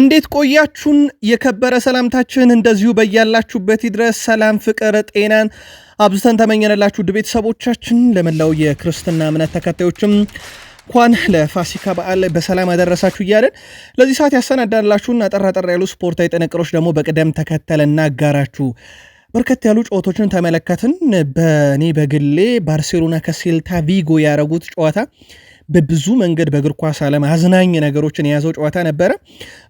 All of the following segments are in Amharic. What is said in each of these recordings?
እንዴት ቆያችሁን? የከበረ ሰላምታችን እንደዚሁ በያላችሁበት ድረስ ሰላም፣ ፍቅር፣ ጤናን አብዝተን ተመኘንላችሁ ውድ ቤተሰቦቻችን። ለመላው የክርስትና እምነት ተከታዮችም እንኳን ለፋሲካ በዓል በሰላም አደረሳችሁ እያለን ለዚህ ሰዓት ያሰናዳላችሁን ጠራጠር አጠር ያሉ ስፖርታዊ ጥንቅሮች ደግሞ በቅደም ተከተለና እናጋራችሁ። በርከት ያሉ ጨዋታዎችን ተመለከትን። በእኔ በግሌ ባርሴሎና ከሴልታ ቪጎ ያደረጉት ጨዋታ በብዙ መንገድ በእግር ኳስ ዓለም አዝናኝ ነገሮችን የያዘው ጨዋታ ነበረ።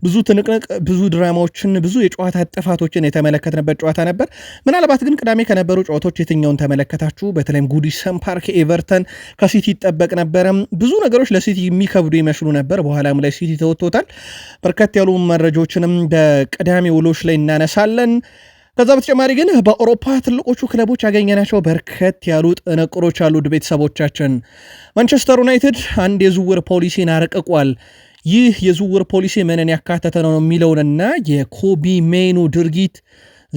ብዙ ትንቅንቅ፣ ብዙ ድራማዎችን፣ ብዙ የጨዋታ ጥፋቶችን የተመለከትንበት ጨዋታ ነበር። ምናልባት ግን ቅዳሜ ከነበሩ ጨዋታዎች የትኛውን ተመለከታችሁ? በተለይም ጉዲሰን ፓርክ ኤቨርተን ከሲቲ ይጠበቅ ነበረ። ብዙ ነገሮች ለሲቲ የሚከብዱ ይመስሉ ነበር። በኋላም ላይ ሲቲ ተወጥቶታል። በርከት ያሉ መረጃዎችንም በቅዳሜ ውሎች ላይ እናነሳለን። ከዛ በተጨማሪ ግን በአውሮፓ ትልቆቹ ክለቦች ያገኘናቸው በርከት ያሉ ጥንቅሮች አሉ። ቤተሰቦቻችን ማንቸስተር ዩናይትድ አንድ የዝውውር ፖሊሲን አረቅቋል። ይህ የዝውውር ፖሊሲ ምንን ያካተተ ነው የሚለውንና የኮቢ ሜኑ ድርጊት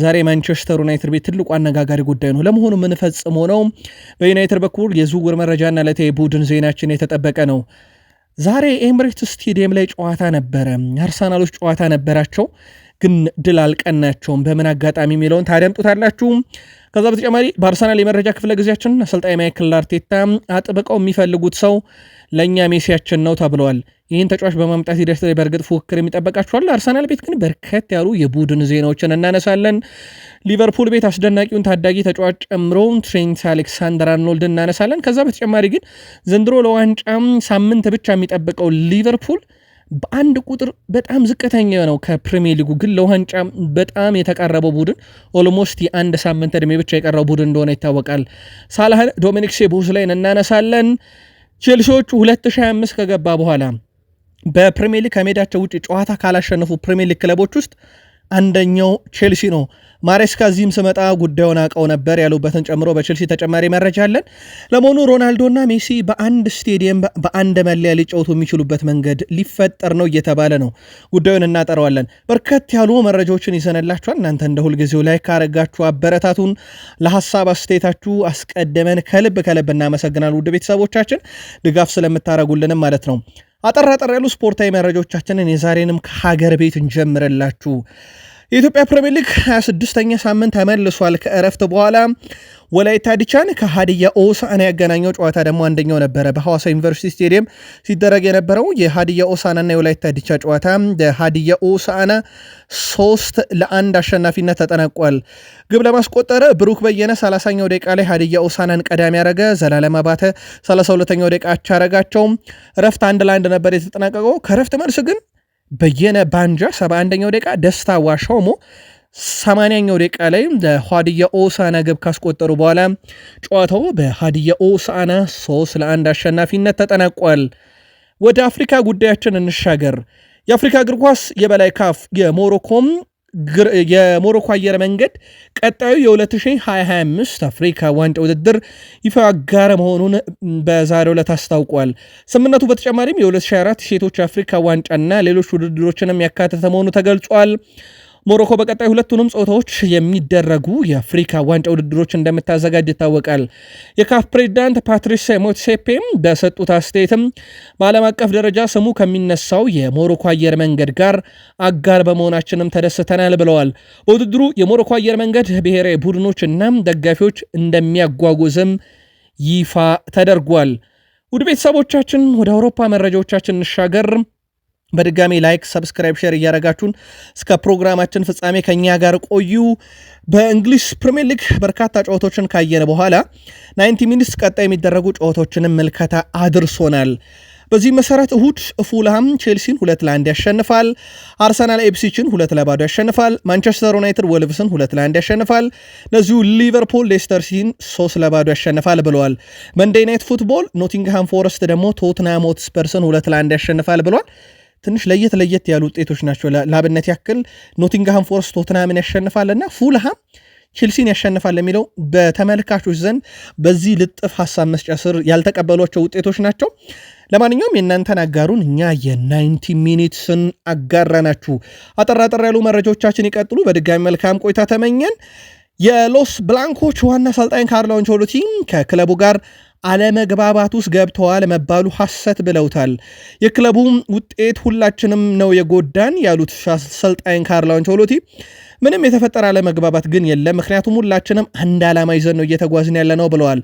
ዛሬ ማንቸስተር ዩናይትድ ቤት ትልቁ አነጋጋሪ ጉዳይ ነው። ለመሆኑ የምንፈጽሞ ነው? በዩናይትድ በኩል የዝውውር መረጃና ለተ ቡድን ዜናችን የተጠበቀ ነው። ዛሬ ኤምሬት ስቴዲየም ላይ ጨዋታ ነበረ። አርሰናሎች ጨዋታ ነበራቸው። ግን ድል አልቀናቸውም። በምን አጋጣሚ የሚለውን ታደምጡታላችሁ። ከዛ በተጨማሪ በአርሰናል የመረጃ ክፍለ ጊዜያችን አሰልጣኝ ማይክል አርቴታ አጥብቀው የሚፈልጉት ሰው ለእኛ ሜሲያችን ነው ተብለዋል። ይህን ተጫዋች በማምጣት ሂደት ላይ በእርግጥ ፉክክር የሚጠበቃቸዋል። አርሰናል ቤት ግን በርከት ያሉ የቡድን ዜናዎችን እናነሳለን። ሊቨርፑል ቤት አስደናቂውን ታዳጊ ተጫዋች ጨምሮ ትሬንት አሌክሳንደር አርኖልድ እናነሳለን። ከዛ በተጨማሪ ግን ዘንድሮ ለዋንጫም ሳምንት ብቻ የሚጠብቀው ሊቨርፑል በአንድ ቁጥር በጣም ዝቅተኛ ነው። ከፕሪሚየር ሊጉ ግን ለዋንጫ በጣም የተቃረበው ቡድን ኦልሞስት የአንድ ሳምንት እድሜ ብቻ የቀረው ቡድን እንደሆነ ይታወቃል። ሳላህን ዶሚኒክ ላይን እናነሳለን። ቼልሲዎቹ 2025 ከገባ በኋላ በፕሪሚየር ሊግ ከሜዳቸው ውጭ ጨዋታ ካላሸነፉ ፕሪሚየር ሊግ ክለቦች ውስጥ አንደኛው ቼልሲ ነው። ማሬስካ እዚህም ስመጣ ጉዳዩን አውቀው ነበር ያሉበትን ጨምሮ በቼልሲ ተጨማሪ መረጃ አለን። ለመሆኑ ሮናልዶና ሜሲ በአንድ ስቴዲየም በአንድ መለያ ሊጫወቱ የሚችሉበት መንገድ ሊፈጠር ነው እየተባለ ነው። ጉዳዩን እናጠረዋለን። በርከት ያሉ መረጃዎችን ይዘንላችኋል። እናንተ እንደ ሁልጊዜው ላይ ካረጋችሁ አበረታቱን። ለሀሳብ አስተያየታችሁ አስቀድመን ከልብ ከልብ እናመሰግናል። ውድ ቤተሰቦቻችን ድጋፍ ስለምታረጉልንም ማለት ነው። አጠር አጠር ያሉ ስፖርታዊ መረጃዎቻችንን የዛሬንም ከሀገር ቤት እንጀምርላችሁ። የኢትዮጵያ ፕሪሚየር ሊግ 26ኛ ሳምንት ተመልሷል። ከእረፍት በኋላ ወላይታ ዲቻን ከሀዲያ ኦሳና ያገናኘው ጨዋታ ደግሞ አንደኛው ነበረ። በሐዋሳ ዩኒቨርሲቲ ስቴዲየም ሲደረግ የነበረው የሀዲያ ኦሳናና የወላይታ ዲቻ ጨዋታ ሀዲያ ኦሳና ሶስት ለአንድ አሸናፊነት ተጠናቋል። ግብ ለማስቆጠረ ብሩክ በየነ 30ኛው ደቂቃ ላይ ሀዲያ ኦሳናን ቀዳሚ ያደረገ፣ ዘላለም አባተ 32ኛው ደቂቃ አቻረጋቸው። እረፍት አንድ ለአንድ ነበር የተጠናቀቀው። ከእረፍት መልስ ግን በየነ ባንጃ 71ኛው ደቂቃ፣ ደስታ ዋሾሞ 80ኛው ደቂቃ ላይ ለሀዲያ ኦሳና ግብ ካስቆጠሩ በኋላ ጨዋታው በሀዲያ ኦሳና 3 ለአንድ አሸናፊነት ተጠናቋል። ወደ አፍሪካ ጉዳያችን እንሻገር። የአፍሪካ እግር ኳስ የበላይ ካፍ የሞሮኮም የሞሮኮ አየር መንገድ ቀጣዩ የ2025 አፍሪካ ዋንጫ ውድድር ይፋ አጋር መሆኑን በዛሬው ዕለት አስታውቋል። ስምምነቱ በተጨማሪም የ2024 ሴቶች አፍሪካ ዋንጫና ሌሎች ውድድሮችንም ያካተተ መሆኑ ተገልጿል። ሞሮኮ በቀጣይ ሁለቱንም ጾታዎች የሚደረጉ የአፍሪካ ዋንጫ ውድድሮች እንደምታዘጋጅ ይታወቃል። የካፍ ፕሬዚዳንት ፓትሪስ ሞትሴፔም በሰጡት አስተያየትም በዓለም አቀፍ ደረጃ ስሙ ከሚነሳው የሞሮኮ አየር መንገድ ጋር አጋር በመሆናችንም ተደስተናል ብለዋል። በውድድሩ የሞሮኮ አየር መንገድ ብሔራዊ ቡድኖች እናም ደጋፊዎች እንደሚያጓጉዝም ይፋ ተደርጓል። ውድ ቤተሰቦቻችን ወደ አውሮፓ መረጃዎቻችን እንሻገር። በድጋሚ ላይክ፣ ሰብስክራይብ፣ ሼር እያደረጋችሁን እስከ ፕሮግራማችን ፍጻሜ ከኛ ጋር ቆዩ። በእንግሊሽ ፕሪሚየር ሊግ በርካታ ጨዋታዎችን ካየን በኋላ ናይንቲ ሚኒትስ ቀጣይ የሚደረጉ ጨዋታዎችንም ምልከታ አድርሶናል። በዚህ መሰረት እሁድ ፉልሃም ቼልሲን ሁለት ለአንድ ያሸንፋል። አርሰናል ኤፕሲችን ሁለት ለባዶ ያሸንፋል። ማንቸስተር ዩናይትድ ወልቭስን ሁለት ለአንድ ያሸንፋል። እነዚሁ ሊቨርፑል ሌስተርሲን ሶስት ለባዶ ያሸንፋል ብለዋል። መንዴይ ናይት ፉትቦል ኖቲንግሃም ፎረስት ደግሞ ቶትናም ሆትስፐርስን ሁለት ለአንድ ያሸንፋል ብለዋል። ትንሽ ለየት ለየት ያሉ ውጤቶች ናቸው። ለአብነት ያክል ኖቲንግሃም ፎረስት ቶትናምን ያሸንፋልና ፉልሃም ቼልሲን ያሸንፋል የሚለው በተመልካቾች ዘንድ በዚህ ልጥፍ ሀሳብ መስጫ ስር ያልተቀበሏቸው ውጤቶች ናቸው። ለማንኛውም የእናንተን አጋሩን፣ እኛ የ90 ሚኒትስን አጋራናችሁ። አጠር አጠር ያሉ መረጃዎቻችን ይቀጥሉ። በድጋሚ መልካም ቆይታ ተመኘን። የሎስ ብላንኮች ዋና አሰልጣኝ ካርሎ አንቸሎቲ ከክለቡ ጋር አለመግባባት ውስጥ ገብተዋል መባሉ ሐሰት ብለውታል። የክለቡም ውጤት ሁላችንም ነው የጎዳን ያሉት አሰልጣኝ ካርሎ አንቸሎቲ ምንም የተፈጠረ አለመግባባት ግን የለም፣ ምክንያቱም ሁላችንም አንድ ዓላማ ይዘን ነው እየተጓዝን ያለ ነው ብለዋል።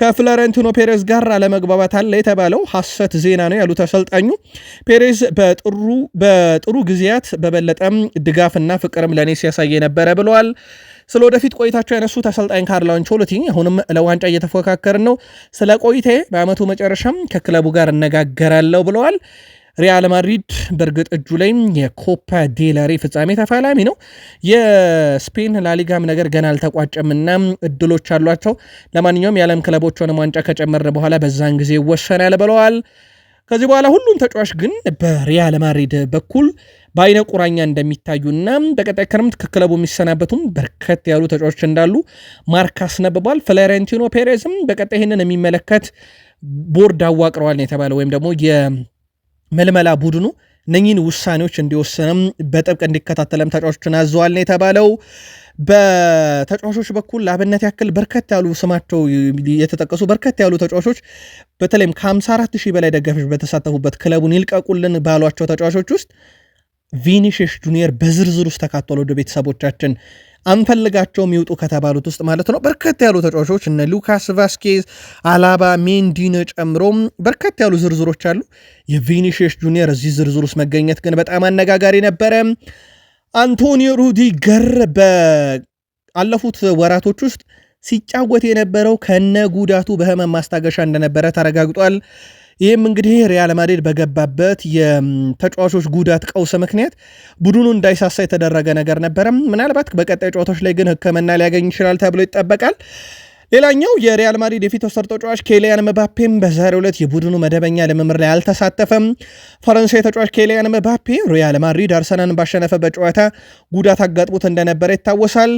ከፍሎረንቲኖ ፔሬዝ ጋር አለመግባባት አለ የተባለው ሐሰት ዜና ነው ያሉት አሰልጣኙ ፔሬዝ በጥሩ ጊዜያት በበለጠም ድጋፍና ፍቅርም ለእኔ ሲያሳየ ነበረ ብለዋል። ስለ ወደፊት ቆይታቸው ያነሱት አሰልጣኝ ካርሎ አንቾሎቲ አሁንም ለዋንጫ እየተፎካከርን ነው፣ ስለ ቆይቴ በአመቱ መጨረሻም ከክለቡ ጋር እነጋገራለሁ ብለዋል። ሪያል ማድሪድ በእርግጥ እጁ ላይም የኮፓ ዴላሬ ፍጻሜ ተፋላሚ ነው። የስፔን ላሊጋም ነገር ገና አልተቋጨምና እድሎች አሏቸው። ለማንኛውም የዓለም ክለቦች ሆነም ዋንጫ ከጨመረ በኋላ በዛን ጊዜ ይወሰናል ብለዋል። ከዚህ በኋላ ሁሉም ተጫዋች ግን በሪያል ማድሪድ በኩል በአይነ ቁራኛ እንደሚታዩና በቀጣይ ክረምት ከክለቡ የሚሰናበቱም በርከት ያሉ ተጫዋች እንዳሉ ማርካ አስነብቧል። ፍሎሬንቲኖ ፔሬዝም በቀጣይ ይህንን የሚመለከት ቦርድ አዋቅረዋል ነው የተባለ ወይም ደግሞ የመልመላ ቡድኑ እነኚህን ውሳኔዎች እንዲወስንም በጥብቅ እንዲከታተለም ተጫዋቾችን አዘዋል ነው የተባለው። በተጫዋቾች በኩል ለአብነት ያክል በርከት ያሉ ስማቸው የተጠቀሱ በርከት ያሉ ተጫዋቾች በተለይም ከ54 ሺህ በላይ ደጋፊዎች በተሳተፉበት ክለቡን ይልቀቁልን ባሏቸው ተጫዋቾች ውስጥ ቪኒሽሽ ጁኒየር በዝርዝር ውስጥ ተካቷል። ወደ ቤተሰቦቻችን አንፈልጋቸው የሚውጡ ከተባሉት ውስጥ ማለት ነው። በርከት ያሉ ተጫዋቾች እነ ሉካስ ቫስኬዝ፣ አላባ፣ ሜንዲን ጨምሮ በርከት ያሉ ዝርዝሮች አሉ። የቪኒሽሽ ጁኒየር እዚህ ዝርዝር ውስጥ መገኘት ግን በጣም አነጋጋሪ ነበረ። አንቶኒዮ ሩዲገር በአለፉት ወራቶች ውስጥ ሲጫወት የነበረው ከነ ጉዳቱ በህመም ማስታገሻ እንደነበረ ተረጋግጧል። ይህም እንግዲህ ሪያል ማድሪድ በገባበት የተጫዋቾች ጉዳት ቀውስ ምክንያት ቡድኑ እንዳይሳሳ የተደረገ ነገር ነበረም። ምናልባት በቀጣይ ጨዋታዎች ላይ ግን ሕክምና ሊያገኝ ይችላል ተብሎ ይጠበቃል። ሌላኛው የሪያል ማድሪድ የፊት ወሰር ተጫዋች ኬሊያን መባፔም በዛሬው ዕለት የቡድኑ መደበኛ ልምምድ ላይ አልተሳተፈም። ፈረንሳይ ተጫዋች ኬሊያን መባፔ ሪያል ማድሪድ አርሰናን ባሸነፈበት ጨዋታ ጉዳት አጋጥሞት እንደነበረ ይታወሳል።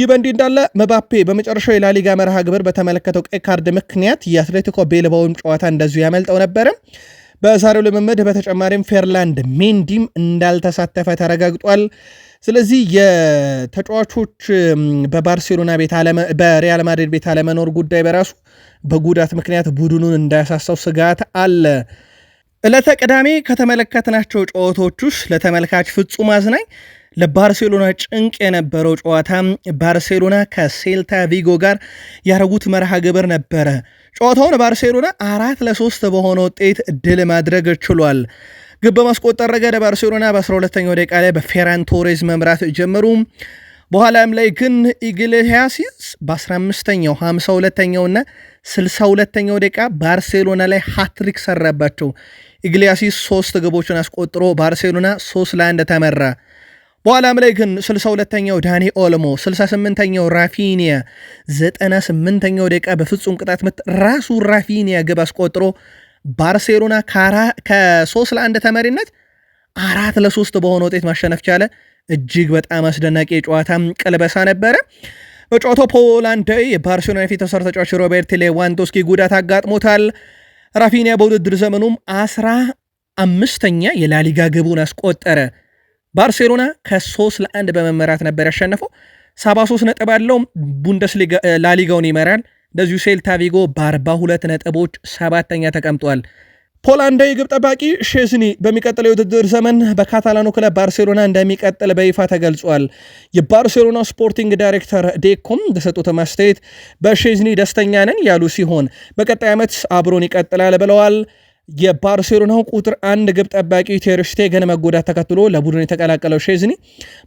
ይህ በእንዲህ እንዳለ መባፔ በመጨረሻው የላሊጋ መርሃ ግብር በተመለከተው ቀይ ካርድ ምክንያት የአትሌቲኮ ቤልባውም ጨዋታ እንደዚሁ ያመልጠው ነበረ። በዛሬው ልምምድ በተጨማሪም ፌርላንድ ሜንዲም እንዳልተሳተፈ ተረጋግጧል። ስለዚህ የተጫዋቾች በባርሴሎና ቤት በሪያል ማድሪድ ቤት አለመኖር ጉዳይ በራሱ በጉዳት ምክንያት ቡድኑን እንዳያሳሳው ስጋት አለ። ዕለተ ቅዳሜ ከተመለከትናቸው ጨዋታዎች ውስጥ ለተመልካች ፍጹም አዝናኝ ለባርሴሎና ጭንቅ የነበረው ጨዋታ ባርሴሎና ከሴልታ ቪጎ ጋር ያደረጉት መርሃ ግብር ነበረ። ጨዋታውን ባርሴሎና አራት ለሶስት በሆነ ውጤት ድል ማድረግ ችሏል። ግብ በማስቆጠር ረገድ ባርሴሎና በ12ኛው ደቂቃ ላይ በፌራን ቶሬዝ መምራት ጀመሩ። በኋላም ላይ ግን ኢግሌሲያስ በ15ኛው 52ኛውና 62ኛው ደቂቃ ባርሴሎና ላይ ሃትሪክ ሰራባቸው። ኢግሌሲያስ ሶስት ግቦችን አስቆጥሮ ባርሴሎና 3 ለአንድ ተመራ። በኋላም ላይ ግን 62ኛው ዳኒ ኦልሞ፣ 68ኛው ራፊኒያ፣ 98ኛው ደቂቃ በፍጹም ቅጣት ምት ራሱ ራፊኒያ ግብ አስቆጥሮ ባርሴሎና ከሶስት ለአንድ ተመሪነት አራት ለሶስት በሆነ ውጤት ማሸነፍ ቻለ። እጅግ በጣም አስደናቂ የጨዋታም ቅልበሳ ነበረ። በጨዋታው ፖላንዳዊ የባርሴሎና የፊት ሰር ተጫዋች ሮቤርት ሌዋንዶስኪ ጉዳት አጋጥሞታል። ራፊኒያ በውድድር ዘመኑም አስራ አምስተኛ የላሊጋ ግቡን አስቆጠረ። ባርሴሎና ከሶስት ለአንድ በመመራት ነበር ያሸነፈው። 73 ነጥብ አለው። ቡንደስሊጋ ላሊጋውን ይመራል። እንደዚሁ ሴልታ ቪጎ በ42 ነጥቦች ሰባተኛ ተቀምጧል። ፖላንዳዊ ግብ ጠባቂ ሼዝኒ በሚቀጥለው የውድድር ዘመን በካታላኑ ክለብ ባርሴሎና እንደሚቀጥል በይፋ ተገልጿል። የባርሴሎና ስፖርቲንግ ዳይሬክተር ዴኮም በሰጡት አስተያየት በሼዝኒ ደስተኛ ነን ያሉ ሲሆን በቀጣይ ዓመት አብሮን ይቀጥላል ብለዋል። የባርሴሎናው ቁጥር አንድ ግብ ጠባቂ ገነ መጎዳት ተከትሎ ለቡድን የተቀላቀለው ሼዝኒ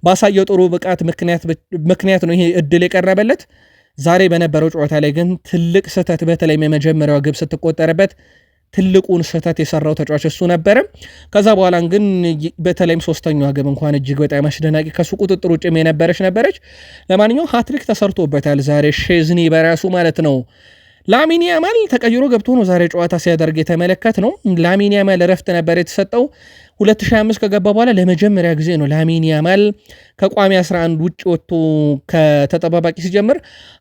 ባሳየው ጥሩ ብቃት ምክንያት ነው ይሄ እድል የቀረበለት ዛሬ በነበረው ጨዋታ ላይ ግን ትልቅ ስህተት በተለይም የመጀመሪያው ግብ ስትቆጠርበት ትልቁን ስህተት የሰራው ተጫዋች እሱ ነበረ። ከዛ በኋላ ግን በተለይም ሶስተኛዋ ግብ እንኳን እጅግ በጣም አስደናቂ ከሱ ቁጥጥር ውጭም የነበረች ነበረች። ለማንኛውም ሀትሪክ ተሰርቶበታል ዛሬ ሼዝኒ በራሱ ማለት ነው። ላሚን ያማል ተቀይሮ ገብቶ ነው ዛሬ ጨዋታ ሲያደርግ የተመለከት ነው። ላሚን ያማል እረፍት ነበር የተሰጠው። 2025 ከገባ በኋላ ለመጀመሪያ ጊዜ ነው ላሚን ያማል ከቋሚ 11 ውጭ ወጥቶ ከተጠባባቂ ሲጀምር፣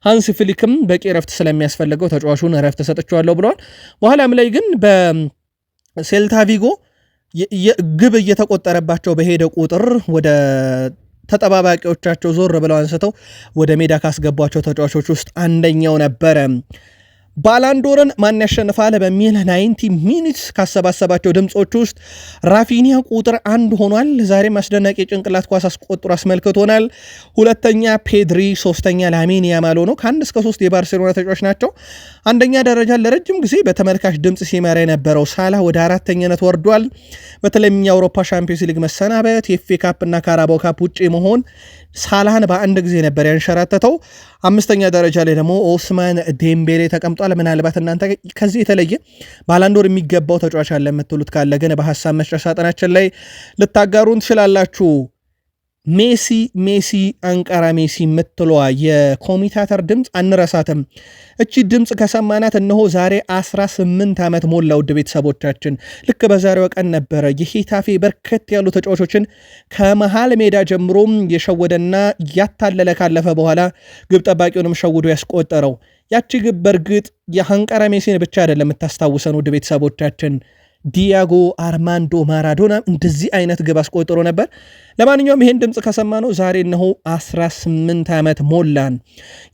ሃንስ ፍሊክም በቂ እረፍት ስለሚያስፈልገው ተጫዋቹን እረፍት ሰጥቼዋለሁ ብለዋል። በኋላም ላይ ግን በሴልታ ቪጎ ግብ እየተቆጠረባቸው በሄደ ቁጥር ወደ ተጠባባቂዎቻቸው ዞር ብለው አንስተው ወደ ሜዳ ካስገቧቸው ተጫዋቾች ውስጥ አንደኛው ነበረ። ባላንዶርን ማን ያሸንፋል በሚል 90 ሚኒትስ ካሰባሰባቸው ድምፆች ውስጥ ራፊኒያ ቁጥር አንድ ሆኗል። ዛሬም አስደናቂ የጭንቅላት ኳስ አስቆጥሮ አስመልክቶናል። ሁለተኛ ፔድሪ፣ ሶስተኛ ላሚን ያማል ሆኖ ከአንድ እስከ ሶስት የባርሴሎና ተጫዋች ናቸው። አንደኛ ደረጃ ለረጅም ጊዜ በተመልካች ድምፅ ሲመራ የነበረው ሳላ ወደ አራተኛነት ወርዷል። በተለይም የአውሮፓ ሻምፒዮንስ ሊግ መሰናበት፣ የኤፍኤ ካፕ እና ካራባው ካፕ ውጭ መሆን ሳላህን በአንድ ጊዜ ነበር ያንሸራተተው። አምስተኛ ደረጃ ላይ ደግሞ ኦስማን ዴምቤሌ ተቀምጧል። ምናልባት እናንተ ከዚህ የተለየ ባላንዶር የሚገባው ተጫዋች አለ የምትሉት ካለ ግን በሀሳብ መስጫ ሳጥናችን ላይ ልታጋሩን ትችላላችሁ። ሜሲ ሜሲ አንቃራ ሜሲ የምትሏ የኮሚታተር ድምፅ አንረሳትም። እቺ ድምፅ ከሰማናት እነሆ ዛሬ 18 ዓመት ሞላ። ውድ ቤተሰቦቻችን ልክ በዛሬው ቀን ነበረ የሄታፌ በርከት ያሉ ተጫዋቾችን ከመሃል ሜዳ ጀምሮም የሸወደና ያታለለ ካለፈ በኋላ ግብ ጠባቂውንም ሸውዶ ያስቆጠረው ያቺ ግብ በእርግጥ የአንቃራ ሜሲን ብቻ አይደለም የምታስታውሰን ውድ ቤተሰቦቻችን ዲያጎ አርማንዶ ማራዶና እንደዚህ አይነት ግብ አስቆጥሮ ነበር። ለማንኛውም ይህን ድምፅ ከሰማ ነው ዛሬ እነሆ 18 ዓመት ሞላን።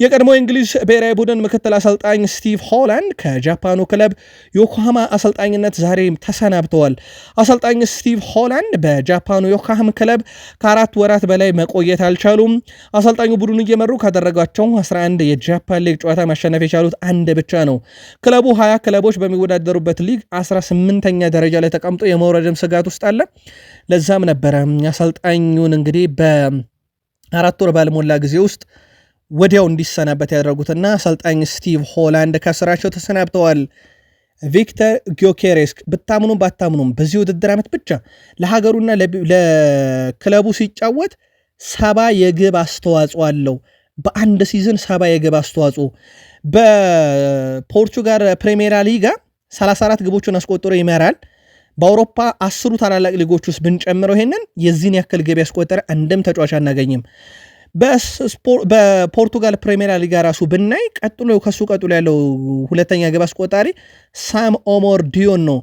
የቀድሞ የእንግሊዝ ብሔራዊ ቡድን ምክትል አሰልጣኝ ስቲቭ ሆላንድ ከጃፓኑ ክለብ ዮኮሃማ አሰልጣኝነት ዛሬ ተሰናብተዋል። አሰልጣኝ ስቲቭ ሆላንድ በጃፓኑ ዮኮሃም ክለብ ከአራት ወራት በላይ መቆየት አልቻሉም። አሰልጣኙ ቡድኑ እየመሩ ካደረጓቸው 11 የጃፓን ሊግ ጨዋታ ማሸነፍ የቻሉት አንድ ብቻ ነው። ክለቡ 20 ክለቦች በሚወዳደሩበት ሊግ 18 አስረኛ ደረጃ ላይ ተቀምጦ የመውረድም ስጋት ውስጥ አለ። ለዛም ነበረ አሰልጣኙን እንግዲህ በአራት ወር ባልሞላ ጊዜ ውስጥ ወዲያው እንዲሰናበት ያደረጉትና አሰልጣኝ ስቲቭ ሆላንድ ከስራቸው ተሰናብተዋል። ቪክተር ጊዮኬሬስ ብታምኑም ባታምኑም በዚህ ውድድር ዓመት ብቻ ለሀገሩና ለክለቡ ሲጫወት ሰባ የግብ አስተዋጽኦ አለው። በአንድ ሲዝን ሰባ የግብ አስተዋጽኦ በፖርቹጋል ፕሪሜራ ሊጋ 34 ግቦቹን አስቆጥሮ ይመራል። በአውሮፓ አስሩ ታላላቅ ሊጎች ውስጥ ብንጨምረው ይሄንን የዚህን ያክል ግብ ያስቆጠረ አንድም ተጫዋች አናገኝም። በፖርቱጋል ፕሪሜራ ሊጋ ራሱ ብናይ ቀጥሎ ከሱ ቀጥሎ ያለው ሁለተኛ ግብ አስቆጣሪ ሳም ኦሞር ዲዮን ነው።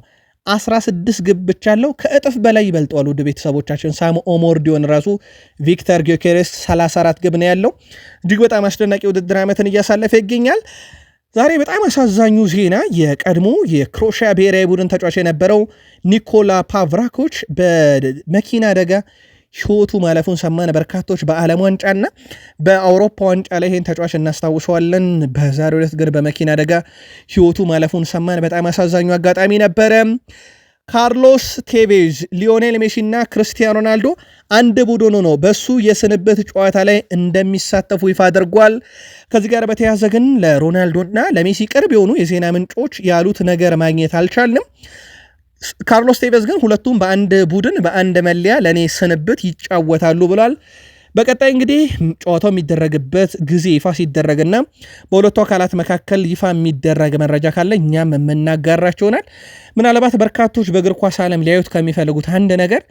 16 ግብ ብቻ አለው። ከእጥፍ በላይ ይበልጠዋል። ውድ ቤተሰቦቻችን ሳም ኦሞር ዲዮን ራሱ ቪክተር ጊዮኬሬስ 34 ግብ ነው ያለው። እጅግ በጣም አስደናቂ ውድድር ዓመትን እያሳለፈ ይገኛል። ዛሬ በጣም አሳዛኙ ዜና የቀድሞ የክሮሻ ብሔራዊ ቡድን ተጫዋች የነበረው ኒኮላ ፓቭራኮች በመኪና አደጋ ሕይወቱ ማለፉን ሰማን። በርካቶች በዓለም ዋንጫና በአውሮፓ ዋንጫ ላይ ይህን ተጫዋች እናስታውሰዋለን። በዛሬው ዕለት ግን በመኪና አደጋ ሕይወቱ ማለፉን ሰማን። በጣም አሳዛኙ አጋጣሚ ነበረ። ካርሎስ ቴቬዝ፣ ሊዮኔል ሜሺ እና ክርስቲያን ሮናልዶ አንድ ቡድን ሆኖ በሱ የስንብት ጨዋታ ላይ እንደሚሳተፉ ይፋ አድርጓል። ከዚህ ጋር በተያያዘ ግን ለሮናልዶና ለሜሲ ቅርብ የሆኑ የዜና ምንጮች ያሉት ነገር ማግኘት አልቻልንም። ካርሎስ ቴቬዝ ግን ሁለቱም በአንድ ቡድን በአንድ መለያ ለእኔ ስንብት ይጫወታሉ ብሏል። በቀጣይ እንግዲህ ጨዋታው የሚደረግበት ጊዜ ይፋ ሲደረግና በሁለቱ አካላት መካከል ይፋ የሚደረግ መረጃ ካለ እኛም የምናጋራቸው ይሆናል። ምናልባት በርካቶች በእግር ኳስ ዓለም ሊያዩት ከሚፈልጉት አንድ ነገር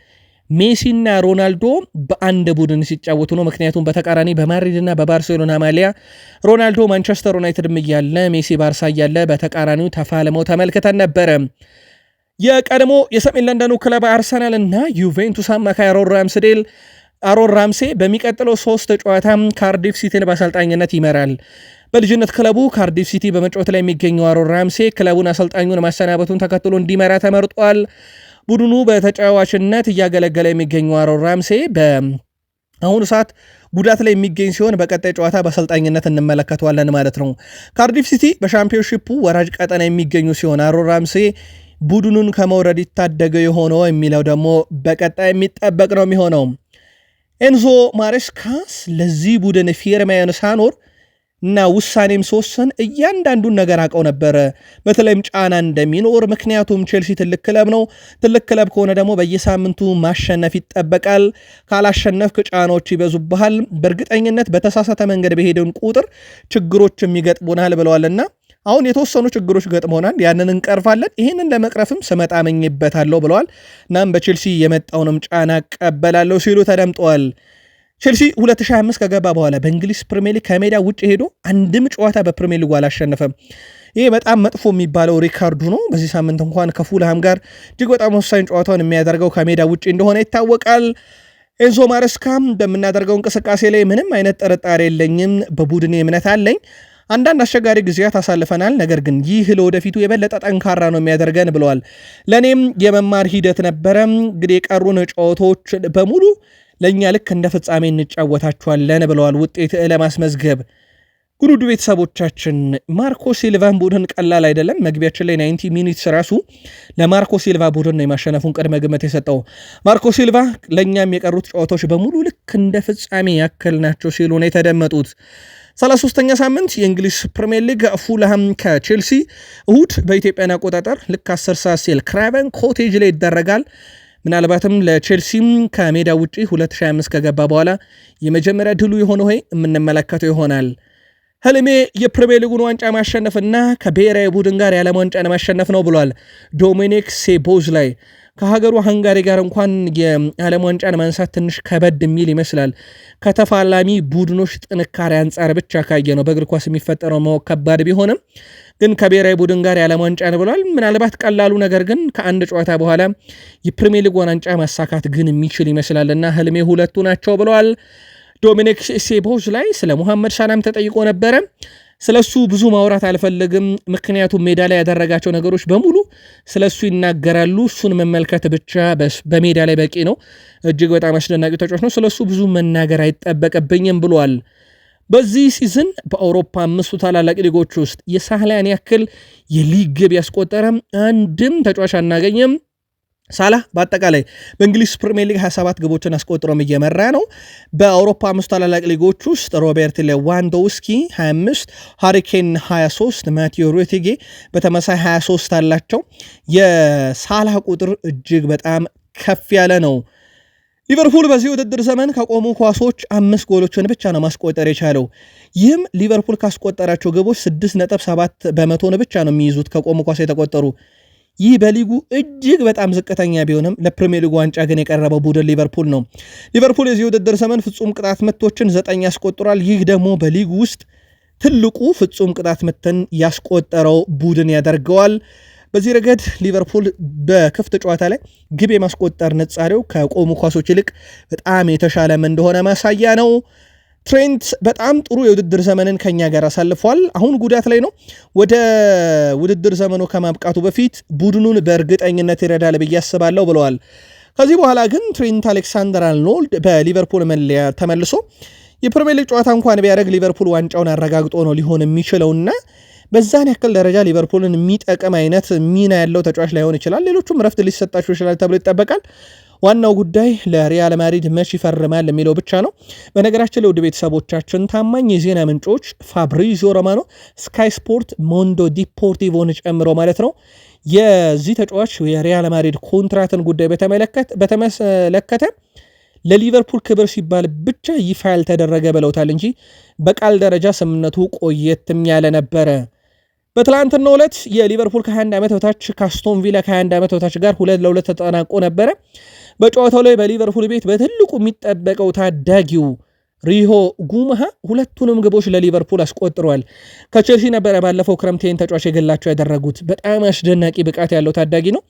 ሜሲና ሮናልዶ በአንድ ቡድን ሲጫወቱ ነው። ምክንያቱም በተቃራኒ በማድሪድና በባርሴሎና ማሊያ ሮናልዶ ማንቸስተር ዩናይትድም እያለ ሜሲ ባርሳ እያለ በተቃራኒው ተፋልመው ተመልክተን ነበረ። የቀድሞ የሰሜን ለንደኑ ክለብ አርሰናል እና ዩቬንቱስ አማካይ ሮድ ራምስዴል አሮን ራምሴ በሚቀጥለው ሶስት ጨዋታ ካርዲፍ ሲቲን በአሰልጣኝነት ይመራል። በልጅነት ክለቡ ካርዲፍ ሲቲ በመጫወት ላይ የሚገኘው አሮን ራምሴ ክለቡን አሰልጣኙን ማሰናበቱን ተከትሎ እንዲመራ ተመርጧል። ቡድኑ በተጫዋችነት እያገለገለ የሚገኘው አሮን ራምሴ በአሁኑ ሰዓት ጉዳት ላይ የሚገኝ ሲሆን በቀጣይ ጨዋታ በአሰልጣኝነት እንመለከተዋለን ማለት ነው። ካርዲፍ ሲቲ በሻምፒዮንሺፑ ወራጅ ቀጠና የሚገኙ ሲሆን አሮን ራምሴ ቡድኑን ከመውረድ ይታደገው የሆነው የሚለው ደግሞ በቀጣይ የሚጠበቅ ነው የሚሆነው። ኤንዞ ማሬስካስ ለዚህ ቡድን ፊርሜን ሳኖር እና ውሳኔም ስወስን እያንዳንዱን ነገር አውቀው ነበረ። በተለይም ጫና እንደሚኖር ምክንያቱም ቼልሲ ትልቅ ክለብ ነው። ትልቅ ክለብ ከሆነ ደግሞ በየሳምንቱ ማሸነፍ ይጠበቃል። ካላሸነፍክ ጫናዎች ይበዙብሃል። በእርግጠኝነት በተሳሳተ መንገድ በሄደን ቁጥር ችግሮች የሚገጥሙናል ብለዋልና አሁን የተወሰኑ ችግሮች ገጥመናል፣ ያንን እንቀርፋለን። ይህንን ለመቅረፍም ስመጣመኝበታለሁ ብለዋል። እናም በቼልሲ የመጣውንም ጫና ቀበላለሁ ሲሉ ተደምጠዋል። ቼልሲ 2025 ከገባ በኋላ በእንግሊዝ ፕሪሚየር ሊግ ከሜዳ ውጭ ሄዶ አንድም ጨዋታ በፕሪሚየር ሊጉ አላሸነፈም። ይህ በጣም መጥፎ የሚባለው ሪካርዱ ነው። በዚህ ሳምንት እንኳን ከፉልሃም ጋር እጅግ በጣም ወሳኝ ጨዋታውን የሚያደርገው ከሜዳ ውጭ እንደሆነ ይታወቃል። ኤንዞ ማረስካም በምናደርገው እንቅስቃሴ ላይ ምንም አይነት ጥርጣሬ የለኝም፣ በቡድኔ እምነት አለኝ አንዳንድ አስቸጋሪ ጊዜያት አሳልፈናል፣ ነገር ግን ይህ ለወደፊቱ የበለጠ ጠንካራ ነው የሚያደርገን ብለዋል። ለእኔም የመማር ሂደት ነበረ። እንግዲህ የቀሩን ጨዋታዎች በሙሉ ለእኛ ልክ እንደ ፍጻሜ እንጫወታቸዋለን ብለዋል። ውጤት ለማስመዝገብ ጉዱዱ ቤተሰቦቻችን ማርኮ ሲልቫን ቡድን ቀላል አይደለም። መግቢያችን ላይ ናይንቲ ሚኒትስ ራሱ ለማርኮ ሲልቫ ቡድን ነው የማሸነፉን ቅድመ ግምት የሰጠው ማርኮ ሲልቫ ለእኛም የቀሩት ጨዋታዎች በሙሉ ልክ እንደ ፍጻሜ ያክል ናቸው ሲሉ ነው የተደመጡት። 33ኛ ሳምንት የእንግሊዝ ፕሪምየር ሊግ ፉልሃም ከቼልሲ እሁድ በኢትዮጵያን አቆጣጠር ልክ 10 ሰዓት ሲል ክራቨን ኮቴጅ ላይ ይደረጋል። ምናልባትም ለቼልሲም ከሜዳ ውጪ 2025 ከገባ በኋላ የመጀመሪያ ድሉ የሆነ ሆይ የምንመለከተው ይሆናል። ህልሜ የፕሪሚየር ሊጉን ዋንጫ ማሸነፍና ከብሔራዊ ቡድን ጋር የዓለም ዋንጫን ማሸነፍ ነው ብሏል ዶሚኒክ ሴቦዝ ላይ ከሀገሩ ሃንጋሪ ጋር እንኳን የዓለም ዋንጫን ማንሳት ትንሽ ከበድ የሚል ይመስላል። ከተፋላሚ ቡድኖች ጥንካሬ አንጻር ብቻ ካየ ነው በእግር ኳስ የሚፈጠረው ማወቅ ከባድ ቢሆንም ግን ከብሔራዊ ቡድን ጋር የዓለም ዋንጫን ብሏል። ምናልባት ቀላሉ ነገር ግን ከአንድ ጨዋታ በኋላ የፕሪሚየር ሊግ ዋንጫ ማሳካት ግን የሚችል ይመስላልና ህልሜ ሁለቱ ናቸው ብለዋል። ዶሚኒክ ሴቦዝ ላይ ስለ ሙሐመድ ሳላም ተጠይቆ ነበረ። ስለ እሱ ብዙ ማውራት አልፈልግም ምክንያቱም ሜዳ ላይ ያደረጋቸው ነገሮች በሙሉ ስለ እሱ ይናገራሉ። እሱን መመልከት ብቻ በሜዳ ላይ በቂ ነው። እጅግ በጣም አስደናቂ ተጫዋች ነው። ስለ እሱ ብዙ መናገር አይጠበቅብኝም ብሏል። በዚህ ሲዝን በአውሮፓ አምስቱ ታላላቅ ሊጎች ውስጥ የሳህላን ያክል የሊግ ግብ አንድም ተጫዋች አናገኘም። ሳላህ በአጠቃላይ በእንግሊዝ ፕሪሚየር ሊግ 27 ግቦችን አስቆጥሮም እየመራ ነው። በአውሮፓ አምስት ታላላቅ ሊጎች ውስጥ ሮቤርት ሌዋንዶውስኪ 25፣ ሃሪኬን 23፣ ማቴዮ ሩቲጌ በተመሳይ 23 አላቸው። የሳላህ ቁጥር እጅግ በጣም ከፍ ያለ ነው። ሊቨርፑል በዚህ ውድድር ዘመን ከቆሙ ኳሶች አምስት ጎሎችን ብቻ ነው ማስቆጠር የቻለው። ይህም ሊቨርፑል ካስቆጠራቸው ግቦች 6.7 በመቶን ብቻ ነው የሚይዙት ከቆሙ ኳስ የተቆጠሩ ይህ በሊጉ እጅግ በጣም ዝቅተኛ ቢሆንም ለፕሪሚየር ሊጉ ዋንጫ ግን የቀረበው ቡድን ሊቨርፑል ነው። ሊቨርፑል የዚህ ውድድር ዘመን ፍጹም ቅጣት ምቶችን ዘጠኝ ያስቆጥሯል። ይህ ደግሞ በሊጉ ውስጥ ትልቁ ፍጹም ቅጣት ምትን ያስቆጠረው ቡድን ያደርገዋል። በዚህ ረገድ ሊቨርፑል በክፍት ጨዋታ ላይ ግብ የማስቆጠር ንጻሬው ከቆሙ ኳሶች ይልቅ በጣም የተሻለም እንደሆነ ማሳያ ነው። ትሬንት በጣም ጥሩ የውድድር ዘመንን ከኛ ጋር አሳልፏል። አሁን ጉዳት ላይ ነው። ወደ ውድድር ዘመኑ ከማብቃቱ በፊት ቡድኑን በእርግጠኝነት ይረዳል ብዬ አስባለሁ ብለዋል። ከዚህ በኋላ ግን ትሬንት አሌክሳንደር አልኖልድ በሊቨርፑል መለያ ተመልሶ የፕሪሚየር ሊግ ጨዋታ እንኳን ቢያደርግ ሊቨርፑል ዋንጫውን አረጋግጦ ነው ሊሆን የሚችለውና በዛን ያክል ደረጃ ሊቨርፑልን የሚጠቅም አይነት ሚና ያለው ተጫዋች ላይሆን ይችላል። ሌሎቹም ረፍት ሊሰጣቸው ይችላል ተብሎ ይጠበቃል። ዋናው ጉዳይ ለሪያል ማድሪድ መች ይፈርማል የሚለው ብቻ ነው። በነገራችን ለውድ ቤተሰቦቻችን ታማኝ የዜና ምንጮች ፋብሪዚዮ ሮማኖ፣ ስካይ ስፖርት፣ ሞንዶ ዲፖርቲቮን ጨምሮ ማለት ነው የዚህ ተጫዋች የሪያል ማድሪድ ኮንትራትን ጉዳይ በተመለከተ ለሊቨርፑል ክብር ሲባል ብቻ ይፋ ያልተደረገ ብለውታል እንጂ በቃል ደረጃ ስምነቱ ቆየትም ያለ ነበረ በትላንትናው ዕለት የሊቨርፑል ከ21 ዓመት በታች ካስቶን ቪላ ከ21 ዓመት በታች ጋር ሁለት ለሁለት ተጠናቆ ነበረ። በጨዋታው ላይ በሊቨርፑል ቤት በትልቁ የሚጠበቀው ታዳጊው ሪሆ ጉምሃ ሁለቱንም ግቦች ለሊቨርፑል አስቆጥሯል። ከቼልሲ ነበረ ባለፈው ክረምቴን ተጫዋች የገላቸው ያደረጉት በጣም አስደናቂ ብቃት ያለው ታዳጊ ነው።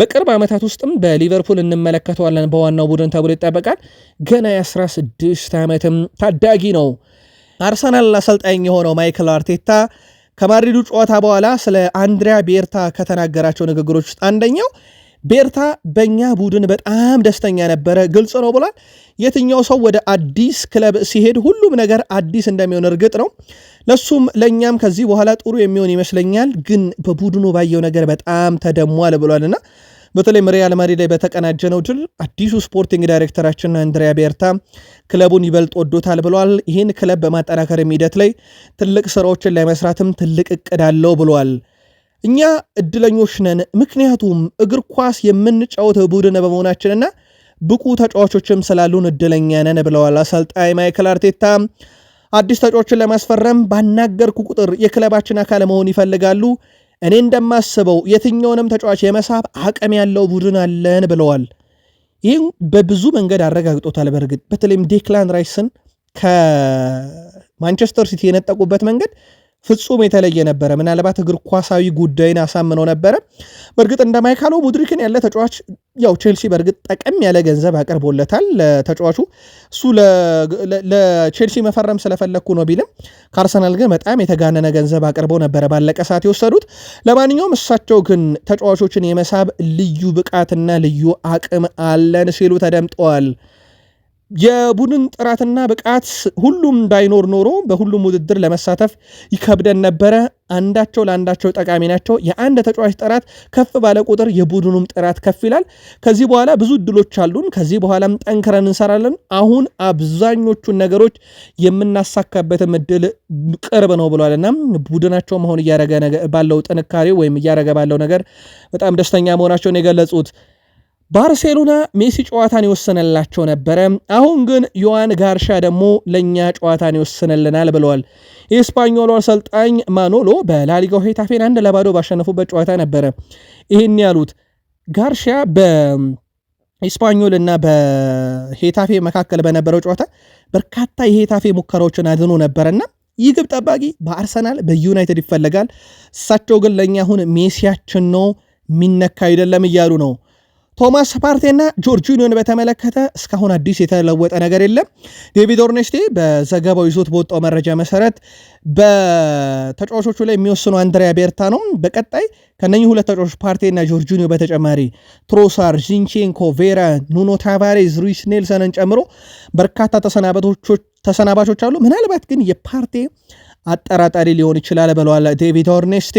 በቅርብ ዓመታት ውስጥም በሊቨርፑል እንመለከተዋለን በዋናው ቡድን ተብሎ ይጠበቃል። ገና የ16 ዓመትም ታዳጊ ነው። አርሰናል አሰልጣኝ የሆነው ማይክል አርቴታ ከማድሪዱ ጨዋታ በኋላ ስለ አንድሪያ ቤርታ ከተናገራቸው ንግግሮች ውስጥ አንደኛው ቤርታ በእኛ ቡድን በጣም ደስተኛ ነበረ፣ ግልጽ ነው ብሏል። የትኛው ሰው ወደ አዲስ ክለብ ሲሄድ ሁሉም ነገር አዲስ እንደሚሆን እርግጥ ነው። ለሱም ለእኛም ከዚህ በኋላ ጥሩ የሚሆን ይመስለኛል፣ ግን በቡድኑ ባየው ነገር በጣም ተደሟል ብሏልና በተለይም ሪያል ማድሪድ ላይ በተቀናጀ ነው ድል አዲሱ ስፖርቲንግ ዳይሬክተራችን አንድሪያ ቤርታ ክለቡን ይበልጥ ወዶታል ብለዋል። ይህን ክለብ በማጠናከር ሂደት ላይ ትልቅ ስራዎችን ለመስራትም ትልቅ እቅድ አለው ብለዋል። እኛ እድለኞች ነን፣ ምክንያቱም እግር ኳስ የምንጫወተው ቡድን በመሆናችንና ብቁ ተጫዋቾችም ስላሉን እድለኛ ነን ብለዋል አሰልጣኝ ማይክል አርቴታ። አዲስ ተጫዋቾችን ለማስፈረም ባናገርኩ ቁጥር የክለባችን አካል መሆን ይፈልጋሉ እኔ እንደማስበው የትኛውንም ተጫዋች የመሳብ አቅም ያለው ቡድን አለን ብለዋል። ይህም በብዙ መንገድ አረጋግጦታል። በእርግጥ በተለይም ዴክላን ራይስን ከማንቸስተር ሲቲ የነጠቁበት መንገድ ፍጹም የተለየ ነበረ። ምናልባት እግር ኳሳዊ ጉዳይን አሳምነው ነበረ። በእርግጥ እንደ ማይካሎ ሙድሪክን ያለ ተጫዋች ያው ቼልሲ በእርግጥ ጠቀም ያለ ገንዘብ አቅርቦለታል ለተጫዋቹ። እሱ ለቼልሲ መፈረም ስለፈለግኩ ነው ቢልም ከአርሰናል ግን በጣም የተጋነነ ገንዘብ አቅርቦ ነበረ ባለቀ ሰዓት የወሰዱት። ለማንኛውም እሳቸው ግን ተጫዋቾችን የመሳብ ልዩ ብቃትና ልዩ አቅም አለን ሲሉ ተደምጠዋል። የቡድን ጥራትና ብቃት ሁሉም ባይኖር ኖሮ በሁሉም ውድድር ለመሳተፍ ይከብደን ነበረ። አንዳቸው ለአንዳቸው ጠቃሚ ናቸው። የአንድ ተጫዋች ጥራት ከፍ ባለ ቁጥር የቡድኑም ጥራት ከፍ ይላል። ከዚህ በኋላ ብዙ እድሎች አሉን። ከዚህ በኋላም ጠንክረን እንሰራለን። አሁን አብዛኞቹን ነገሮች የምናሳካበትም እድል ቅርብ ነው ብሏል እና ቡድናቸው አሁን እያረገ ባለው ጥንካሬ ወይም እያረገ ባለው ነገር በጣም ደስተኛ መሆናቸውን የገለጹት ባርሴሎና ሜሲ ጨዋታን የወሰነላቸው ነበረ። አሁን ግን ዮዋን ጋርሻ ደግሞ ለእኛ ጨዋታን ይወስንልናል ብለዋል። የስፓኞሉ አሰልጣኝ ማኖሎ በላሊጋው ሄታፌን አንድ ለባዶ ባሸነፉበት ጨዋታ ነበረ ይህን ያሉት። ጋርሻ በኢስፓኞል እና በሄታፌ መካከል በነበረው ጨዋታ በርካታ የሄታፌ ሙከራዎችን አድኖ ነበረና ይህ ግብ ጠባቂ በአርሰናል በዩናይትድ ይፈለጋል። እሳቸው ግን ለእኛ አሁን ሜሲያችን ነው፣ የሚነካ አይደለም እያሉ ነው ቶማስ ፓርቴና ጆርጂኒዮን በተመለከተ እስካሁን አዲስ የተለወጠ ነገር የለም። ዴቪድ ኦርኔስቴ በዘገባው ይዞት በወጣው መረጃ መሰረት በተጫዋቾቹ ላይ የሚወስኑ አንድሪያ ቤርታ ነው። በቀጣይ ከነኚህ ሁለት ተጫዋቾች ፓርቴና ጆርጂኒዮ በተጨማሪ ትሮሳር፣ ዚንቼንኮ፣ ቬራ፣ ኑኖ ታቫሬዝ፣ ሩይስ ኔልሰንን ጨምሮ በርካታ ተሰናባቾች አሉ። ምናልባት ግን የፓርቴ አጠራጣሪ ሊሆን ይችላል ብለዋል ዴቪድ ኦርኔስቴ።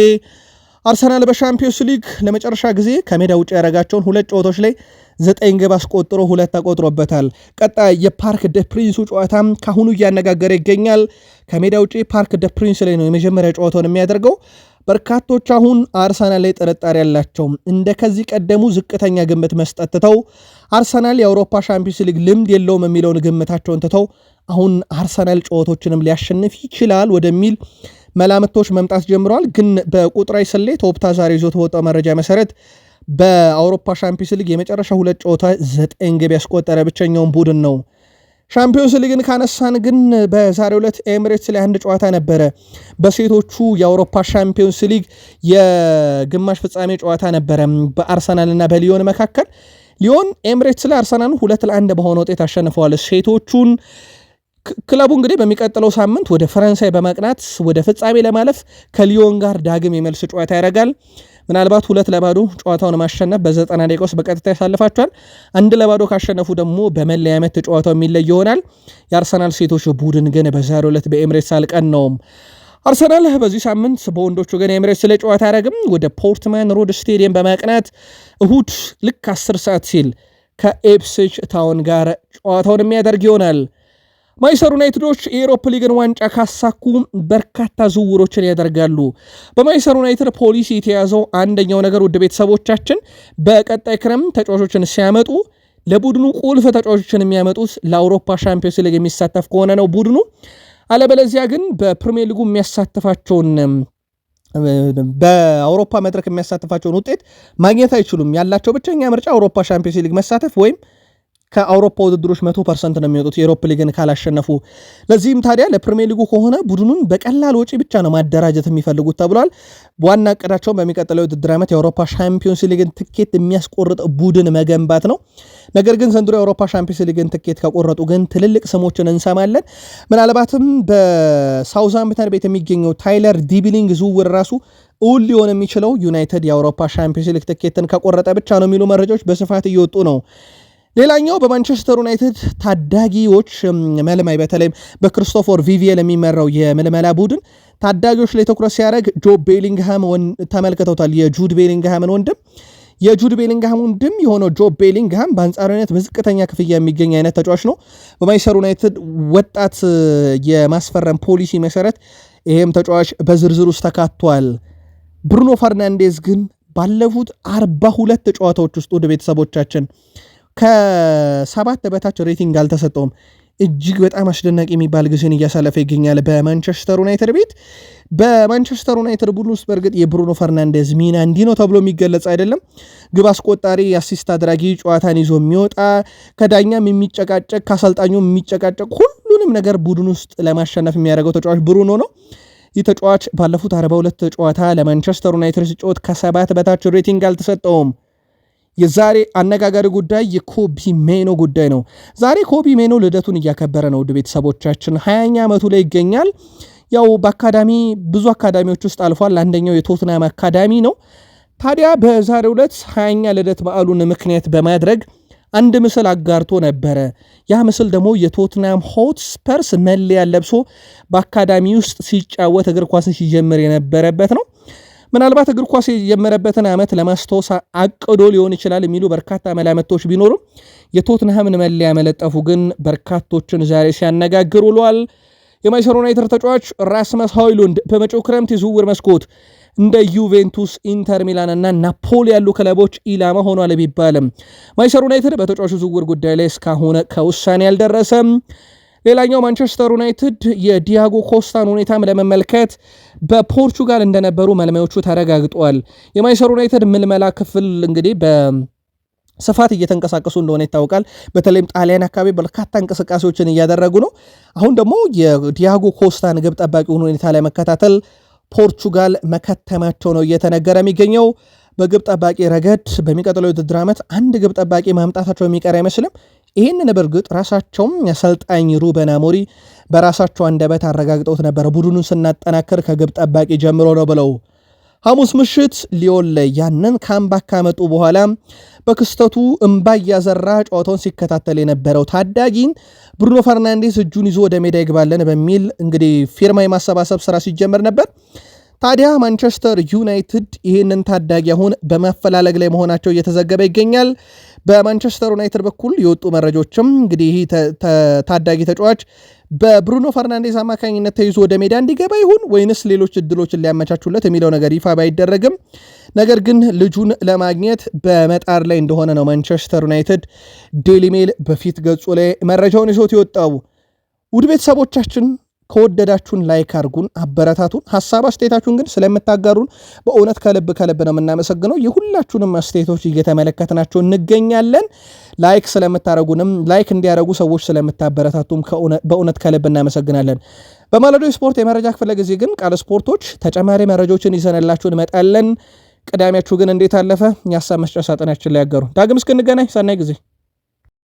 አርሰናል በሻምፒዮንስ ሊግ ለመጨረሻ ጊዜ ከሜዳ ውጭ ያደረጋቸውን ሁለት ጨዋታዎች ላይ ዘጠኝ ግብ አስቆጥሮ ሁለት ተቆጥሮበታል። ቀጣይ የፓርክ ደ ፕሪንሱ ጨዋታ ከአሁኑ እያነጋገረ ይገኛል። ከሜዳ ውጭ ፓርክ ደ ፕሪንስ ላይ ነው የመጀመሪያ ጨዋታውን የሚያደርገው። በርካቶች አሁን አርሰናል ላይ ጥርጣሬ ያላቸው እንደ ከዚህ ቀደሙ ዝቅተኛ ግምት መስጠት ትተው አርሰናል የአውሮፓ ሻምፒዮንስ ሊግ ልምድ የለውም የሚለውን ግምታቸውን ትተው አሁን አርሰናል ጨዋታዎችንም ሊያሸንፍ ይችላል ወደሚል መላምቶች መምጣት ጀምረዋል። ግን በቁጥራዊ ስሌት ኦፕታ ዛሬ ይዞ ተወጣው መረጃ መሰረት በአውሮፓ ሻምፒዮንስ ሊግ የመጨረሻ ሁለት ጨዋታ ዘጠኝ ግብ ያስቆጠረ ብቸኛውን ቡድን ነው። ሻምፒዮንስ ሊግን ካነሳን ግን በዛሬው ዕለት ኤምሬትስ ላይ አንድ ጨዋታ ነበረ። በሴቶቹ የአውሮፓ ሻምፒዮንስ ሊግ የግማሽ ፍጻሜ ጨዋታ ነበረ በአርሰናል በሊዮን መካከል። ሊዮን ኤምሬትስ ላይ አርሰናል ሁለት ለአንድ በሆነ ውጤት አሸንፈዋል። ሴቶቹን ክለቡ እንግዲህ በሚቀጥለው ሳምንት ወደ ፈረንሳይ በመቅናት ወደ ፍጻሜ ለማለፍ ከሊዮን ጋር ዳግም የመልስ ጨዋታ ያደርጋል። ምናልባት ሁለት ለባዶ ጨዋታውን ማሸነፍ በዘጠና ደቂቃ ውስጥ በቀጥታ ያሳልፋቸዋል። አንድ ለባዶ ካሸነፉ ደግሞ በመለያ ምት ጨዋታው የሚለይ ይሆናል። የአርሰናል ሴቶች ቡድን ግን በዛሬው ዕለት በኤምሬትስ አልቀናውም። አርሰናል በዚህ ሳምንት በወንዶቹ ግን ኤምሬትስ ላይ ጨዋታ አያደርግም። ወደ ፖርትማን ሮድ ስቴዲየም በማቅናት እሁድ ልክ 10 ሰዓት ሲል ከኤፕስች ታውን ጋር ጨዋታውን የሚያደርግ ይሆናል። ማንቸስተር ዩናይትዶች የኤሮፕ ሊግን ዋንጫ ካሳኩ በርካታ ዝውውሮችን ያደርጋሉ። በማንቸስተር ዩናይትድ ፖሊሲ የተያዘው አንደኛው ነገር ውድ ቤተሰቦቻችን በቀጣይ ክረም ተጫዋቾችን ሲያመጡ ለቡድኑ ቁልፍ ተጫዋቾችን የሚያመጡት ለአውሮፓ ሻምፒዮንስ ሊግ የሚሳተፍ ከሆነ ነው ቡድኑ አለበለዚያ ግን በፕሪሚየር ሊጉ የሚያሳትፋቸውን በአውሮፓ መድረክ የሚያሳትፋቸውን ውጤት ማግኘት አይችሉም። ያላቸው ብቸኛ ምርጫ አውሮፓ ሻምፒዮንስ ሊግ መሳተፍ ወይም ከአውሮፓ ውድድሮች መቶ ፐርሰንት ነው የሚወጡት የአውሮፓ ሊግን ካላሸነፉ። ለዚህም ታዲያ ለፕሪሚየር ሊጉ ከሆነ ቡድኑን በቀላል ወጪ ብቻ ነው ማደራጀት የሚፈልጉት ተብሏል። ዋና እቅዳቸውን በሚቀጥለው ውድድር ዓመት የአውሮፓ ሻምፒዮንስ ሊግን ትኬት የሚያስቆርጥ ቡድን መገንባት ነው። ነገር ግን ዘንድሮ የአውሮፓ ሻምፒዮንስ ሊግን ትኬት ከቆረጡ ግን ትልልቅ ስሞችን እንሰማለን። ምናልባትም በሳውዛምፕተን ቤት የሚገኘው ታይለር ዲቢሊንግ ዝውውር ራሱ እውን ሊሆን የሚችለው ዩናይትድ የአውሮፓ ሻምፒዮንስ ሊግ ትኬትን ከቆረጠ ብቻ ነው የሚሉ መረጃዎች በስፋት እየወጡ ነው። ሌላኛው በማንቸስተር ዩናይትድ ታዳጊዎች መልማይ በተለይም በክሪስቶፈር ቪቪየል የሚመራው የምልመላ ቡድን ታዳጊዎች ላይ ትኩረት ሲያደርግ ጆ ቤሊንግሃም ተመልክተውታል። የጁድ ቤሊንግሃምን ወንድም የጁድ ቤሊንግሃም ወንድም የሆነው ጆ ቤሊንግሃም በአንጻራዊነት በዝቅተኛ ክፍያ የሚገኝ አይነት ተጫዋች ነው። በማንቸስተር ዩናይትድ ወጣት የማስፈረም ፖሊሲ መሰረት ይሄም ተጫዋች በዝርዝር ውስጥ ተካቷል። ብሩኖ ፈርናንዴዝ ግን ባለፉት አርባ ሁለት ጨዋታዎች ውስጥ ወደ ቤተሰቦቻችን ከሰባት በታች ሬቲንግ አልተሰጠውም። እጅግ በጣም አስደናቂ የሚባል ጊዜን እያሳለፈ ይገኛል በማንቸስተር ዩናይትድ ቤት። በማንቸስተር ዩናይትድ ቡድን ውስጥ በእርግጥ የብሩኖ ፈርናንዴዝ ሚና እንዲህ ነው ተብሎ የሚገለጽ አይደለም። ግብ አስቆጣሪ፣ የአሲስት አድራጊ፣ ጨዋታን ይዞ የሚወጣ ከዳኛም የሚጨቃጨቅ ከአሰልጣኙም የሚጨቃጨቅ ሁሉንም ነገር ቡድን ውስጥ ለማሸነፍ የሚያደርገው ተጫዋች ብሩኖ ነው። ይህ ተጫዋች ባለፉት 42 ጨዋታ ለማንቸስተር ዩናይትድ ሲጫወት ከሰባት በታች ሬቲንግ አልተሰጠውም። የዛሬ አነጋጋሪ ጉዳይ የኮቢ ሜኖ ጉዳይ ነው። ዛሬ ኮቢ ሜኖ ልደቱን እያከበረ ነው። ውድ ቤተሰቦቻችን ሀያኛ ዓመቱ ላይ ይገኛል። ያው በአካዳሚ ብዙ አካዳሚዎች ውስጥ አልፏል። አንደኛው የቶትናም አካዳሚ ነው። ታዲያ በዛሬው ዕለት ሀያኛ ልደት በዓሉን ምክንያት በማድረግ አንድ ምስል አጋርቶ ነበረ። ያ ምስል ደግሞ የቶትናም ሆትስፐርስ መለያ ለብሶ በአካዳሚ ውስጥ ሲጫወት እግር ኳስን ሲጀምር የነበረበት ነው። ምናልባት እግር ኳስ የጀመረበትን ዓመት ለማስታወስ አቅዶ ሊሆን ይችላል የሚሉ በርካታ መላመቶች ቢኖሩም የቶትንሃምን መለያ መለጠፉ ግን በርካቶችን ዛሬ ሲያነጋግር ውሏል። የማንቸስተር ዩናይትድ ተጫዋች ራስመስ ሆይሉንድ በመጪው ክረምት የዝውውር መስኮት እንደ ዩቬንቱስ፣ ኢንተር ሚላን እና ናፖሊ ያሉ ክለቦች ኢላማ ሆኗል ቢባልም ማንቸስተር ዩናይትድ በተጫዋቹ ዝውውር ጉዳይ ላይ እስካሁን ከውሳኔ አልደረሰም። ሌላኛው ማንቸስተር ዩናይትድ የዲያጎ ኮስታን ሁኔታም ለመመልከት በፖርቹጋል እንደነበሩ መልማዮቹ ተረጋግጧል። የማንቸስተር ዩናይትድ ምልመላ ክፍል እንግዲህ በስፋት እየተንቀሳቀሱ እንደሆነ ይታወቃል። በተለይም ጣሊያን አካባቢ በርካታ እንቅስቃሴዎችን እያደረጉ ነው። አሁን ደግሞ የዲያጎ ኮስታን ግብ ጠባቂውን ሁኔታ ላይ መከታተል ፖርቹጋል መከተማቸው ነው እየተነገረ የሚገኘው። በግብ ጠባቂ ረገድ በሚቀጥለው የውድድር ዓመት አንድ ግብ ጠባቂ ማምጣታቸው የሚቀር አይመስልም። ይህንን በእርግጥ ራሳቸውም አሰልጣኝ ሩበን አሞሪ በራሳቸው አንደበት አረጋግጠውት ነበር። ቡድኑን ስናጠናክር ከግብ ጠባቂ ጀምሮ ነው ብለው ሐሙስ ምሽት ሊዮን ላይ ያንን ካምባክ ካመጡ በኋላ በክስተቱ እምባ እያዘራ ጨዋታውን ሲከታተል የነበረው ታዳጊ ብሩኖ ፈርናንዴስ እጁን ይዞ ወደ ሜዳ ይግባለን በሚል እንግዲህ ፊርማ የማሰባሰብ ስራ ሲጀመር ነበር። ታዲያ ማንቸስተር ዩናይትድ ይህንን ታዳጊ አሁን በማፈላለግ ላይ መሆናቸው እየተዘገበ ይገኛል። በማንቸስተር ዩናይትድ በኩል የወጡ መረጃዎችም እንግዲህ ታዳጊ ተጫዋች በብሩኖ ፈርናንዴዝ አማካኝነት ተይዞ ወደ ሜዳ እንዲገባ ይሁን ወይንስ ሌሎች እድሎችን ሊያመቻቹለት የሚለው ነገር ይፋ ባይደረግም ነገር ግን ልጁን ለማግኘት በመጣር ላይ እንደሆነ ነው ማንቸስተር ዩናይትድ ዴሊ ሜል በፊት ገጹ ላይ መረጃውን ይዞት የወጣው። ውድ ቤተሰቦቻችን ከወደዳችሁን ላይክ አድርጉን፣ አበረታቱን። ሀሳብ አስተያየታችሁን ግን ስለምታጋሩን በእውነት ከልብ ከልብ ነው የምናመሰግነው። የሁላችሁንም አስተያየቶች እየተመለከትናቸው እንገኛለን። ላይክ ስለምታደረጉንም ላይክ እንዲያደረጉ ሰዎች ስለምታበረታቱም በእውነት ከልብ እናመሰግናለን። በማለዶ ስፖርት የመረጃ ክፍለ ጊዜ ግን ቃል ስፖርቶች ተጨማሪ መረጃዎችን ይዘንላችሁ እንመጣለን። ቅዳሜያችሁ ግን እንዴት አለፈ? የሀሳብ መስጫ ሳጥናችን ላይ ያገሩ። ዳግም እስክንገናኝ ሰናይ ጊዜ